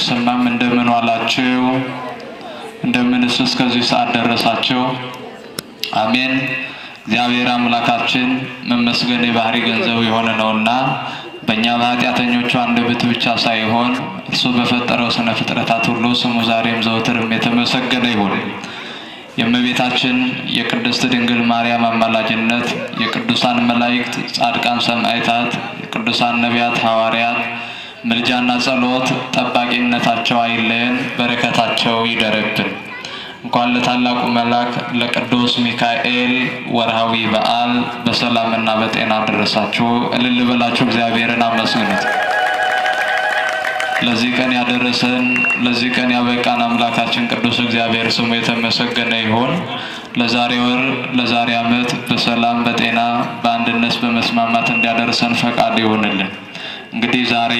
ክርስትናም እንደምን ዋላችሁ? እንደምንስ እስከዚህ ሰዓት ደረሳችሁ? አሜን። እግዚአብሔር አምላካችን መመስገን የባህሪ ገንዘቡ የሆነ ነውና በእኛ በኃጢአተኞቹ ብት ብቻ ሳይሆን እርሱ በፈጠረው ስነ ፍጥረታት ሁሉ ስሙ ዛሬም ዘውትርም የተመሰገነ ይሁን። የእመቤታችን የቅድስት ድንግል ማርያም አማላጅነት የቅዱሳን መላእክት፣ ጻድቃን ሰማዕታት፣ የቅዱሳን ነቢያት፣ ሐዋርያት ምልጃና ጸሎት ጠባቂነታቸው አይለን በረከታቸው ይደረብን። እንኳን ለታላቁ መልአክ ለቅዱስ ሚካኤል ወርሃዊ በዓል በሰላምና በጤና አደረሳችሁ። እልል በላችሁ እግዚአብሔርን አመስግኑት። ለዚህ ቀን ያደረሰን ለዚህ ቀን ያበቃን አምላካችን ቅዱስ እግዚአብሔር ስሙ የተመሰገነ ይሁን። ለዛሬ ወር ለዛሬ ዓመት በሰላም በጤና በአንድነት በመስማማት እንዲያደርሰን ፈቃድ ይሆንልን። እንግዲህ ዛሬ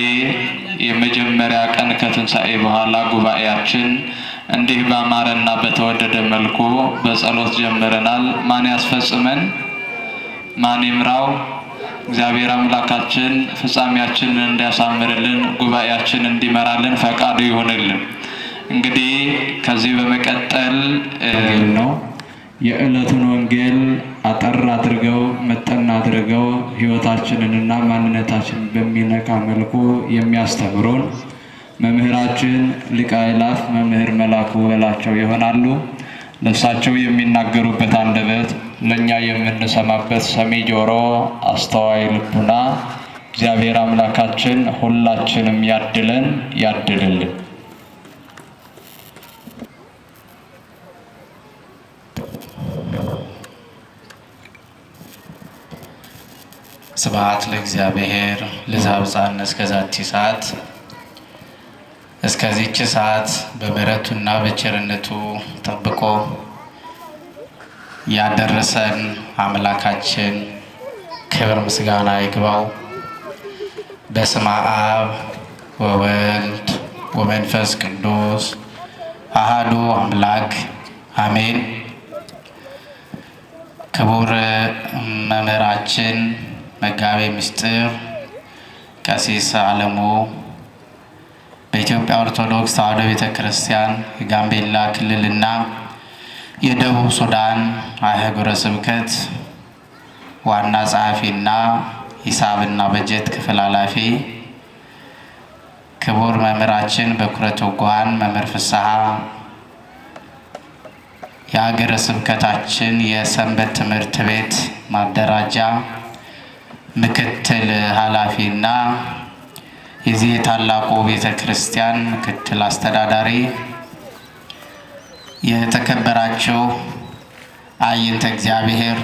የመጀመሪያ ቀን ከትንሣኤ በኋላ ጉባኤያችን እንዲህ ባማረና በተወደደ መልኩ በጸሎት ጀምረናል። ማን ያስፈጽመን፣ ማን ይምራው። እግዚአብሔር አምላካችን ፍጻሜያችንን እንዲያሳምርልን፣ ጉባኤያችን እንዲመራልን ፈቃዱ ይሆንልን። እንግዲህ ከዚህ በመቀጠል ነው የዕለቱን ወንጌል አጠር አድርገው መጠን አድርገው ሕይወታችንንና ማንነታችንን በሚነካ መልኩ የሚያስተምሩን መምህራችን ሊቀ አእላፍ መምህር መላኩ በላቸው ይሆናሉ። ለእሳቸው የሚናገሩበት አንደበት ለእኛ የምንሰማበት ሰሚ ጆሮ፣ አስተዋይ ልቡና እግዚአብሔር አምላካችን ሁላችንም ያድለን ያድልልን። ስብሐት ለእግዚአብሔር ለዘአብጽሐነ እስከዛቲ ሰዓት። እስከዚች ሰዓት በምሕረቱና በቸርነቱ ጠብቆ ያደረሰን አምላካችን ክብር ምስጋና ይግባው። በስመ አብ ወወልድ ወመንፈስ ቅዱስ አሃዱ አምላክ አሜን። ክቡር መምህራችን መጋቤ ምስጢር ቀሲስ አለሙ በኢትዮጵያ ኦርቶዶክስ ተዋሕዶ ቤተ ክርስቲያን የጋምቤላ ክልልና የደቡብ ሱዳን አህጉረ ስብከት ዋና ጸሐፊና ሂሳብና በጀት ክፍል ኃላፊ ክቡር መምህራችን በኩረ ትጉሃን መምህር ፍስሐ፣ የሀገረ ስብከታችን የሰንበት ትምህርት ቤት ማደራጃ ምክትል ኃላፊ እና የዚህ የታላቁ ቤተ ክርስቲያን ምክትል አስተዳዳሪ፣ የተከበራችሁ አይንተ እግዚአብሔር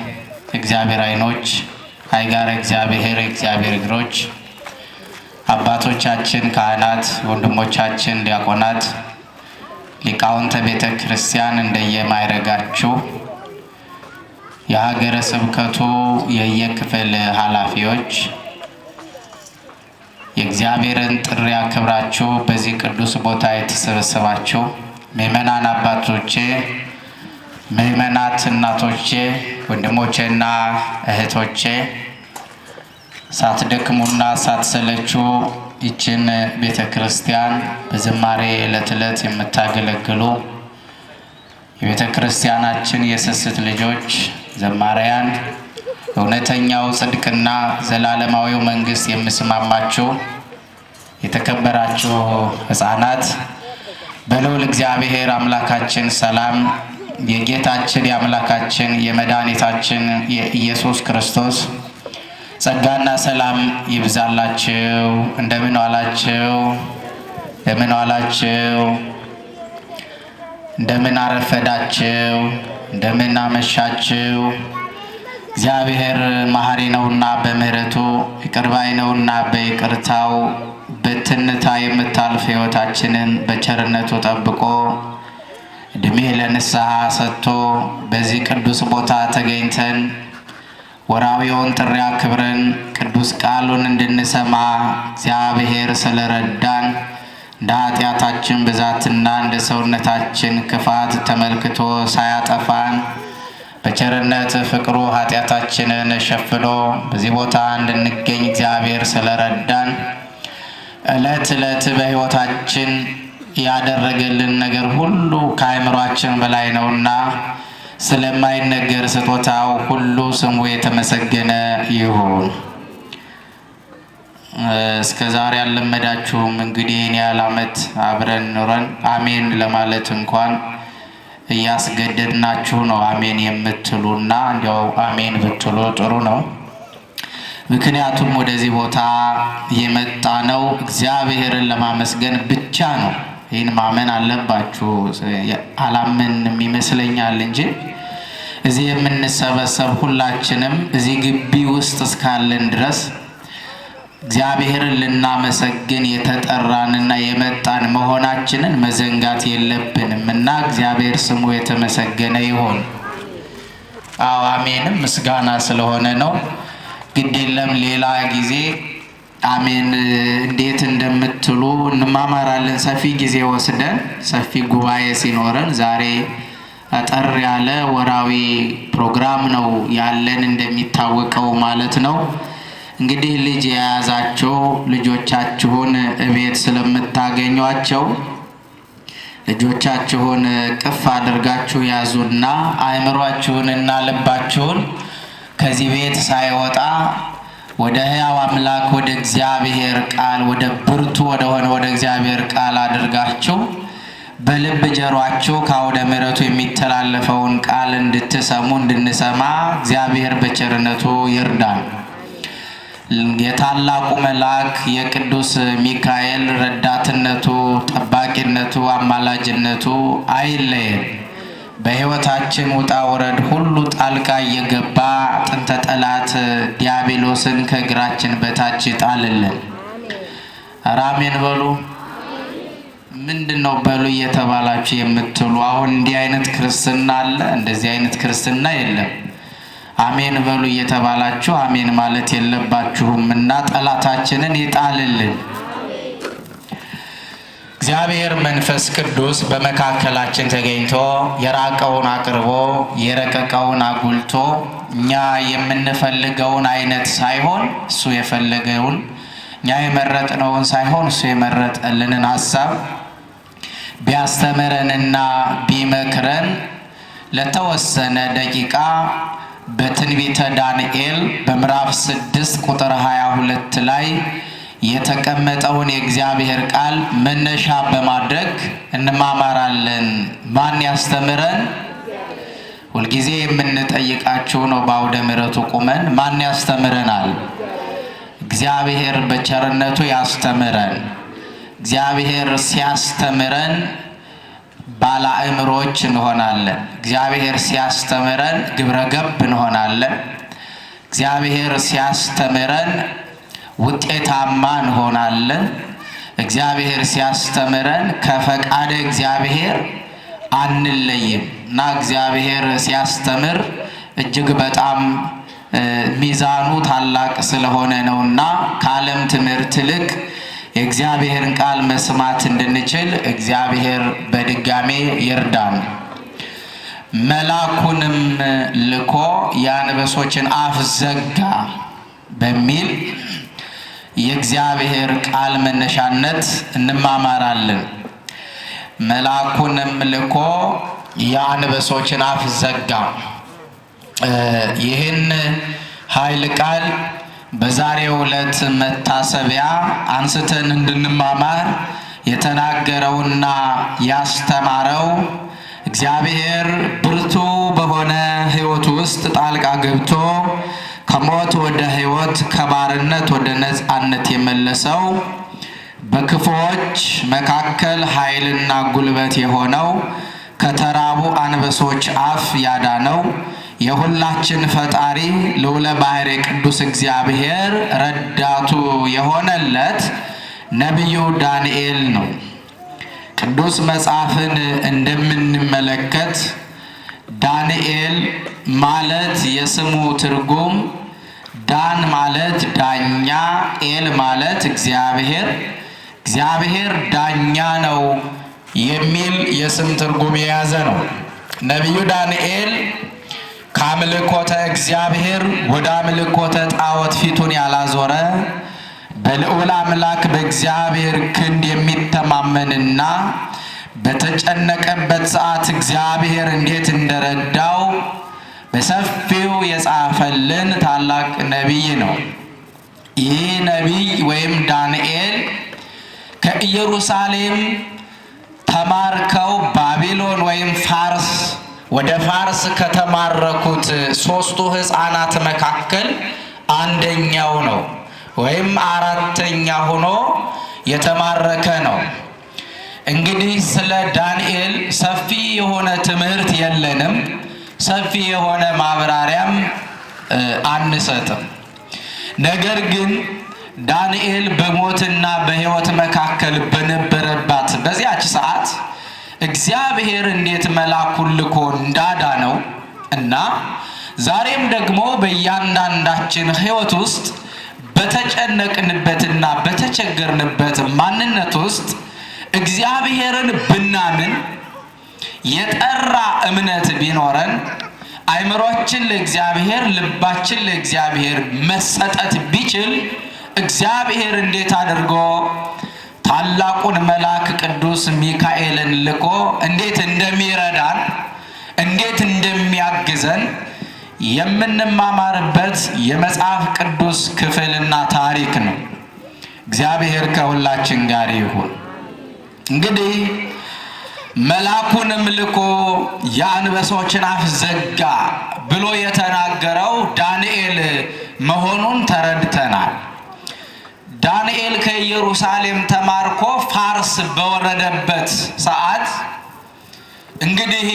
እግዚአብሔር አይኖች አይጋር እግዚአብሔር እግዚአብሔር እግሮች አባቶቻችን ካህናት፣ ወንድሞቻችን ዲያቆናት፣ ሊቃውንተ ቤተ ክርስቲያን እንደየማይረጋችሁ የሀገረ ስብከቱ የየክፍል ኃላፊዎች የእግዚአብሔርን ጥሪ አክብራችሁ በዚህ ቅዱስ ቦታ የተሰበሰባችሁ ምእመናን አባቶቼ፣ ምእመናት እናቶቼ፣ ወንድሞቼና እህቶቼ ሳትደክሙና ሳትሰለቹ ይችን ቤተ ክርስቲያን በዝማሬ ዕለት ዕለት የምታገለግሉ የቤተ ክርስቲያናችን የስስት ልጆች ዘማሪያን እውነተኛው ጽድቅና ዘላለማዊው መንግስት የምስማማችሁ የተከበራችሁ ህፃናት በልዑል እግዚአብሔር አምላካችን ሰላም የጌታችን የአምላካችን የመድኃኒታችን የኢየሱስ ክርስቶስ ጸጋና ሰላም ይብዛላችሁ። እንደምን ዋላችሁ? እንደምን ዋላችሁ? እንደምን አረፈዳችሁ? እንደምናመሻችው እግዚአብሔር መሐሪ ነውና በምሕረቱ ይቅርባይ ነውና በይቅርታው በትንታ የምታልፍ ሕይወታችንን በቸርነቱ ጠብቆ እድሜ ለንስሐ ሰጥቶ በዚህ ቅዱስ ቦታ ተገኝተን ወራዊውን ጥሪ አክብረን ቅዱስ ቃሉን እንድንሰማ እግዚአብሔር ስለረዳን እንደ ኃጢአታችን ብዛትና እንደ ሰውነታችን ክፋት ተመልክቶ ሳያጠፋን በቸርነት ፍቅሩ ኃጢአታችንን ሸፍኖ በዚህ ቦታ እንድንገኝ እግዚአብሔር ስለረዳን ዕለት ዕለት በሕይወታችን ያደረገልን ነገር ሁሉ ከአእምሯችን በላይ ነውና ስለማይነገር ስጦታው ሁሉ ስሙ የተመሰገነ ይሁን። እስከ ዛሬ አልለመዳችሁም። እንግዲህ እኔ ያህል ዓመት አብረን ኑረን አሜን ለማለት እንኳን እያስገደድናችሁ ነው። አሜን የምትሉና እንዲያው አሜን ብትሉ ጥሩ ነው። ምክንያቱም ወደዚህ ቦታ የመጣ ነው እግዚአብሔርን ለማመስገን ብቻ ነው። ይህን ማመን አለባችሁ። አላምንም ይመስለኛል እንጂ እዚህ የምንሰበሰብ ሁላችንም እዚህ ግቢ ውስጥ እስካለን ድረስ እግዚአብሔርን ልናመሰግን የተጠራንና የመጣን መሆናችንን መዘንጋት የለብንም እና እግዚአብሔር ስሙ የተመሰገነ ይሆን። አዎ አሜንም ምስጋና ስለሆነ ነው። ግድ የለም ሌላ ጊዜ አሜን እንዴት እንደምትሉ እንማማራለን። ሰፊ ጊዜ ወስደን ሰፊ ጉባኤ ሲኖረን ዛሬ አጠር ያለ ወራዊ ፕሮግራም ነው ያለን እንደሚታወቀው ማለት ነው። እንግዲህ ልጅ የያዛችሁ ልጆቻችሁን እቤት ስለምታገኟቸው ልጆቻችሁን ቅፍ አድርጋችሁ ያዙና አእምሯችሁንና ልባችሁን ከዚህ ቤት ሳይወጣ ወደ ሕያው አምላክ ወደ እግዚአብሔር ቃል ወደ ብርቱ ሆነ ወደ እግዚአብሔር ቃል አድርጋችሁ በልብ ጀሯችሁ ከአውደ ምሕረቱ የሚተላለፈውን ቃል እንድትሰሙ እንድንሰማ እግዚአብሔር በቸርነቱ ይርዳል። የታላቁ መልአክ የቅዱስ ሚካኤል ረዳትነቱ፣ ጠባቂነቱ፣ አማላጅነቱ አይለየን። በሕይወታችን ውጣ ውረድ ሁሉ ጣልቃ እየገባ ጥንተ ጠላት ዲያብሎስን ከእግራችን በታች ይጣልልን። ራሜን በሉ ምንድን ነው በሉ እየተባላችሁ የምትሉ አሁን እንዲህ አይነት ክርስትና አለ፣ እንደዚህ አይነት ክርስትና የለም። አሜን በሉ እየተባላችሁ አሜን ማለት የለባችሁም እና ጠላታችንን ይጣልልን። እግዚአብሔር መንፈስ ቅዱስ በመካከላችን ተገኝቶ የራቀውን አቅርቦ የረቀቀውን አጉልቶ እኛ የምንፈልገውን አይነት ሳይሆን እሱ የፈለገውን እኛ የመረጥነውን ሳይሆን እሱ የመረጠልንን ሀሳብ ቢያስተምረንና ቢመክረን ለተወሰነ ደቂቃ በትንቢተ ዳንኤል በምዕራፍ ስድስት ቁጥር ሀያ ሁለት ላይ የተቀመጠውን የእግዚአብሔር ቃል መነሻ በማድረግ እንማማራለን። ማን ያስተምረን? ሁልጊዜ የምንጠይቃቸው ነው። በአውደ ምሕረቱ ቁመን ማን ያስተምረናል? እግዚአብሔር በቸርነቱ ያስተምረን። እግዚአብሔር ሲያስተምረን አእምሮዎች እንሆናለን። እግዚአብሔር ሲያስተምረን ግብረ ገብ እንሆናለን። እግዚአብሔር ሲያስተምረን ውጤታማ እንሆናለን። እግዚአብሔር ሲያስተምረን ከፈቃደ እግዚአብሔር አንለይም እና እግዚአብሔር ሲያስተምር እጅግ በጣም ሚዛኑ ታላቅ ስለሆነ ነውና ከዓለም ትምህርት ይልቅ የእግዚአብሔርን ቃል መስማት እንድንችል እግዚአብሔር በድጋሜ ይርዳን። መላኩንም ልኮ የአንበሶችን አፍ ዘጋ በሚል የእግዚአብሔር ቃል መነሻነት እንማማራለን። መላኩንም ልኮ የአንበሶችን አፍ ዘጋ። ይህን ኃይል ቃል በዛሬው ዕለት መታሰቢያ አንስተን እንድንማማር የተናገረውና ያስተማረው እግዚአብሔር ብርቱ በሆነ ሕይወት ውስጥ ጣልቃ ገብቶ ከሞት ወደ ሕይወት ከባርነት ወደ ነፃነት የመለሰው በክፉዎች መካከል ኃይልና ጉልበት የሆነው ከተራቡ አንበሶች አፍ ያዳነው የሁላችን ፈጣሪ ልዑለ ባሕርይ ቅዱስ እግዚአብሔር ረዳቱ የሆነለት ነቢዩ ዳንኤል ነው። ቅዱስ መጽሐፍን እንደምንመለከት ዳንኤል ማለት የስሙ ትርጉም ዳን ማለት ዳኛ፣ ኤል ማለት እግዚአብሔር፣ እግዚአብሔር ዳኛ ነው የሚል የስም ትርጉም የያዘ ነው። ነቢዩ ዳንኤል ከአምልኮተ እግዚአብሔር ወደ አምልኮተ ጣዖት ፊቱን ያላዞረ በልዑል አምላክ በእግዚአብሔር ክንድ የሚተማመንና በተጨነቀበት ሰዓት እግዚአብሔር እንዴት እንደረዳው በሰፊው የጻፈልን ታላቅ ነቢይ ነው። ይህ ነቢይ ወይም ዳንኤል ከኢየሩሳሌም ተማርከው ባቢሎን ወይም ፋርስ ወደ ፋርስ ከተማረኩት ሶስቱ ህፃናት መካከል አንደኛው ነው ወይም አራተኛ ሆኖ የተማረከ ነው። እንግዲህ ስለ ዳንኤል ሰፊ የሆነ ትምህርት የለንም፣ ሰፊ የሆነ ማብራሪያም አንሰጥም። ነገር ግን ዳንኤል በሞትና በህይወት መካከል በነበ እግዚአብሔር እንዴት መልአኩን ልኮ እንዳዳነው እና ዛሬም ደግሞ በእያንዳንዳችን ሕይወት ውስጥ በተጨነቅንበትና በተቸገርንበት ማንነት ውስጥ እግዚአብሔርን ብናምን የጠራ እምነት ቢኖረን አይምሮችን ለእግዚአብሔር ልባችን ለእግዚአብሔር መሰጠት ቢችል እግዚአብሔር እንዴት አድርጎ ታላቁን መልአክ ቅዱስ ሚካኤልን ልኮ እንዴት እንደሚረዳን እንዴት እንደሚያግዘን የምንማማርበት የመጽሐፍ ቅዱስ ክፍልና ታሪክ ነው። እግዚአብሔር ከሁላችን ጋር ይሁን። እንግዲህ መልአኩንም ልኮ የአንበሶችን አፍ ዘጋ ብሎ የተናገረው ዳንኤል መሆኑን ተረድተናል። ዳንኤል ከኢየሩሳሌም ተማርኮ ፋርስ በወረደበት ሰዓት እንግዲህ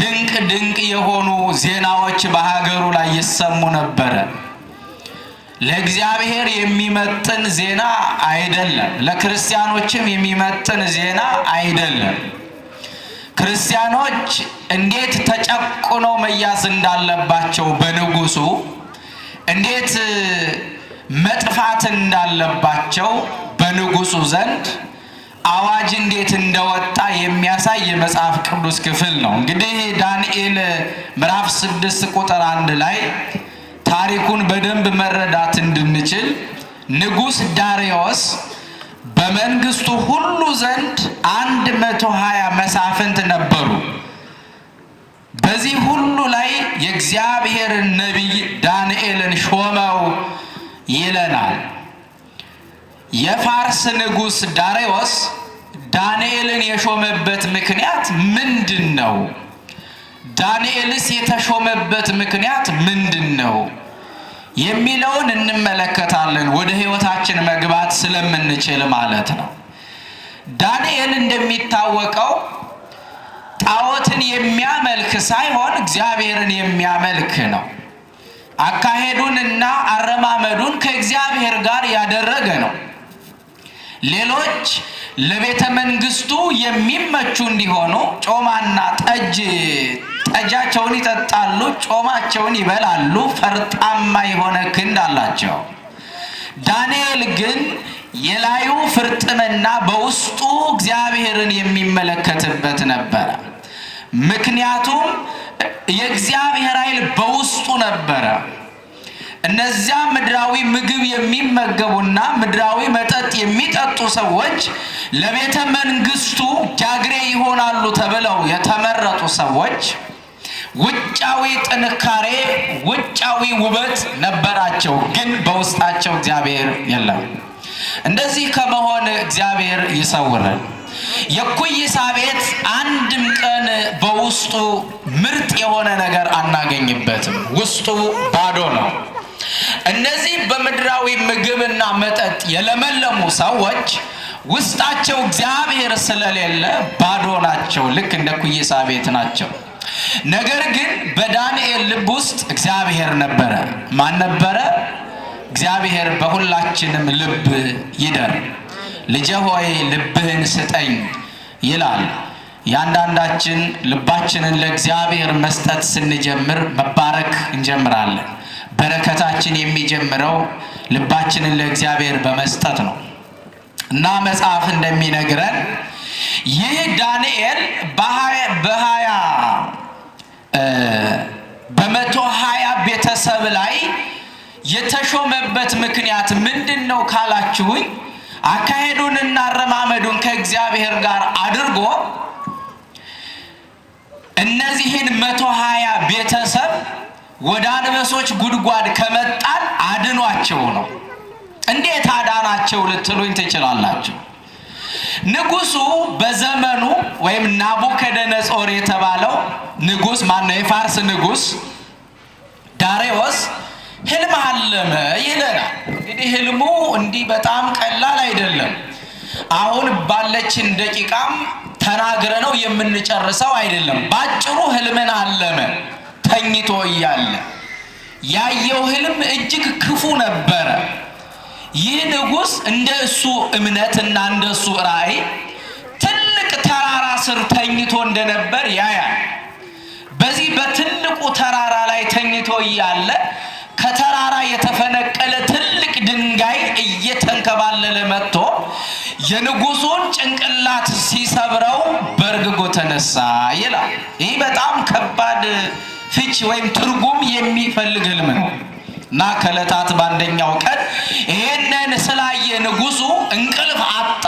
ድንቅ ድንቅ የሆኑ ዜናዎች በሀገሩ ላይ ይሰሙ ነበረ። ለእግዚአብሔር የሚመጥን ዜና አይደለም፣ ለክርስቲያኖችም የሚመጥን ዜና አይደለም። ክርስቲያኖች እንዴት ተጨቁነው መያዝ እንዳለባቸው በንጉሱ እንዴት መጥፋት እንዳለባቸው በንጉሱ ዘንድ አዋጅ እንዴት እንደወጣ የሚያሳይ የመጽሐፍ ቅዱስ ክፍል ነው። እንግዲህ ዳንኤል ምዕራፍ ስድስት ቁጥር አንድ ላይ ታሪኩን በደንብ መረዳት እንድንችል ንጉስ ዳርዮስ በመንግስቱ ሁሉ ዘንድ አንድ መቶ ሀያ መሳፍንት ነበሩ። በዚህ ሁሉ ላይ የእግዚአብሔርን ነቢይ ዳንኤልን ሾመው ይለናል። የፋርስ ንጉሥ ዳሬዎስ ዳንኤልን የሾመበት ምክንያት ምንድን ነው? ዳንኤልስ የተሾመበት ምክንያት ምንድን ነው? የሚለውን እንመለከታለን። ወደ ሕይወታችን መግባት ስለምንችል ማለት ነው። ዳንኤል እንደሚታወቀው ጣዖትን የሚያመልክ ሳይሆን እግዚአብሔርን የሚያመልክ ነው። አካሄዱን እና አረማመዱን ከእግዚአብሔር ጋር ያደረገ ነው። ሌሎች ለቤተ መንግስቱ የሚመቹ እንዲሆኑ ጮማና ጠጅ ጠጃቸውን ይጠጣሉ፣ ጮማቸውን ይበላሉ። ፈርጣማ የሆነ ክንድ አላቸው። ዳንኤል ግን የላዩ ፍርጥምና በውስጡ እግዚአብሔርን የሚመለከትበት ነበረ። ምክንያቱም የእግዚአብሔር ኃይል በውስጡ ነበረ። እነዚያ ምድራዊ ምግብ የሚመገቡና ምድራዊ መጠጥ የሚጠጡ ሰዎች ለቤተ መንግስቱ ጃግሬ ይሆናሉ ተብለው የተመረጡ ሰዎች ውጫዊ ጥንካሬ፣ ውጫዊ ውበት ነበራቸው፣ ግን በውስጣቸው እግዚአብሔር የለም። እንደዚህ ከመሆን እግዚአብሔር ይሰውረን። የኩይሳ ቤት አንድም ቀን በውስጡ ምርጥ የሆነ ነገር አናገኝበትም። ውስጡ ባዶ ነው። እነዚህ በምድራዊ ምግብና መጠጥ የለመለሙ ሰዎች ውስጣቸው እግዚአብሔር ስለሌለ ባዶ ናቸው። ልክ እንደ ኩይሳ ቤት ናቸው። ነገር ግን በዳንኤል ልብ ውስጥ እግዚአብሔር ነበረ። ማን ነበረ? እግዚአብሔር በሁላችንም ልብ ይደር። ልጄ ሆይ ልብህን ስጠኝ ይላል። ያንዳንዳችን ልባችንን ለእግዚአብሔር መስጠት ስንጀምር መባረክ እንጀምራለን። በረከታችን የሚጀምረው ልባችንን ለእግዚአብሔር በመስጠት ነው እና መጽሐፍ እንደሚነግረን ይህ ዳንኤል በሀያ በመቶ ሀያ ቤተሰብ ላይ የተሾመበት ምክንያት ምንድን ነው ካላችሁኝ አካሄዱንና አረማመዱን ከእግዚአብሔር ጋር አድርጎ እነዚህን መቶ ሀያ ቤተሰብ ወደ አንበሶች ጉድጓድ ከመጣል አድኗቸው ነው። እንዴት አዳናቸው ልትሉኝ ትችላላችሁ። ንጉሱ በዘመኑ ወይም ናቡከደነጾር የተባለው ንጉስ ማነው? የፋርስ ንጉስ ዳሬዎስ ህልም አለመ ይለናል። እንግዲህ ህልሙ እንዲህ በጣም ቀላል አይደለም። አሁን ባለችን ደቂቃም ተናግረ ነው የምንጨርሰው አይደለም። ባጭሩ ህልምን አለመ ተኝቶ እያለ ያየው ህልም እጅግ ክፉ ነበረ። ይህ ንጉሥ እንደ እሱ እምነትና እንደ እሱ ራእይ ትልቅ ተራራ ስር ተኝቶ እንደነበር ያያል። በዚህ በትልቁ ተራራ ላይ ተኝቶ እያለ ተራራ የተፈነቀለ ትልቅ ድንጋይ እየተንከባለለ መጥቶ የንጉሱን ጭንቅላት ሲሰብረው በርግጎ ተነሳ ይላል። ይህ በጣም ከባድ ፍች ወይም ትርጉም የሚፈልግ ህልም ነው እና ከዕለታት በአንደኛው ቀን ይህንን ስላየ ንጉሱ እንቅልፍ አጣ።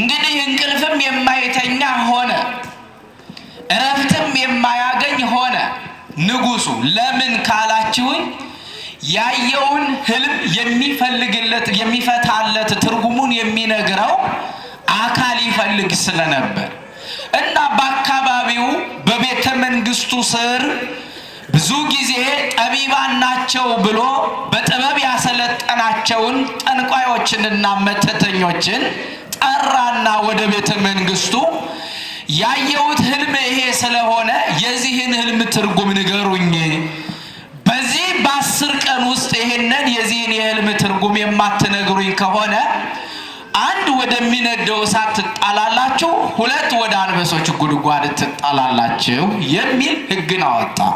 እንግዲህ እንቅልፍም የማይተኛ ሆነ፣ እረፍትም የማያገኝ ሆነ። ንጉሱ ለምን ካላችሁኝ ያየውን ህልም የሚፈልግለት የሚፈታለት ትርጉሙን የሚነግረው አካል ይፈልግ ስለነበር እና በአካባቢው በቤተ መንግስቱ ስር ብዙ ጊዜ ጠቢባን ናቸው ብሎ በጥበብ ያሰለጠናቸውን ጠንቋዮችንና መተተኞችን ጠራና ወደ ቤተ መንግስቱ ያየሁት ህልም ይሄ ስለሆነ የዚህን ህልም ትርጉም ንገሩኝ። በዚህ በአስር ቀን ውስጥ ይሄንን የዚህን የህልም ትርጉም የማትነግሩኝ ከሆነ አንድ ወደሚነደው እሳት ትጣላላችሁ፣ ሁለት ወደ አንበሶች ጉድጓድ ትጣላላችሁ የሚል ህግን አወጣ።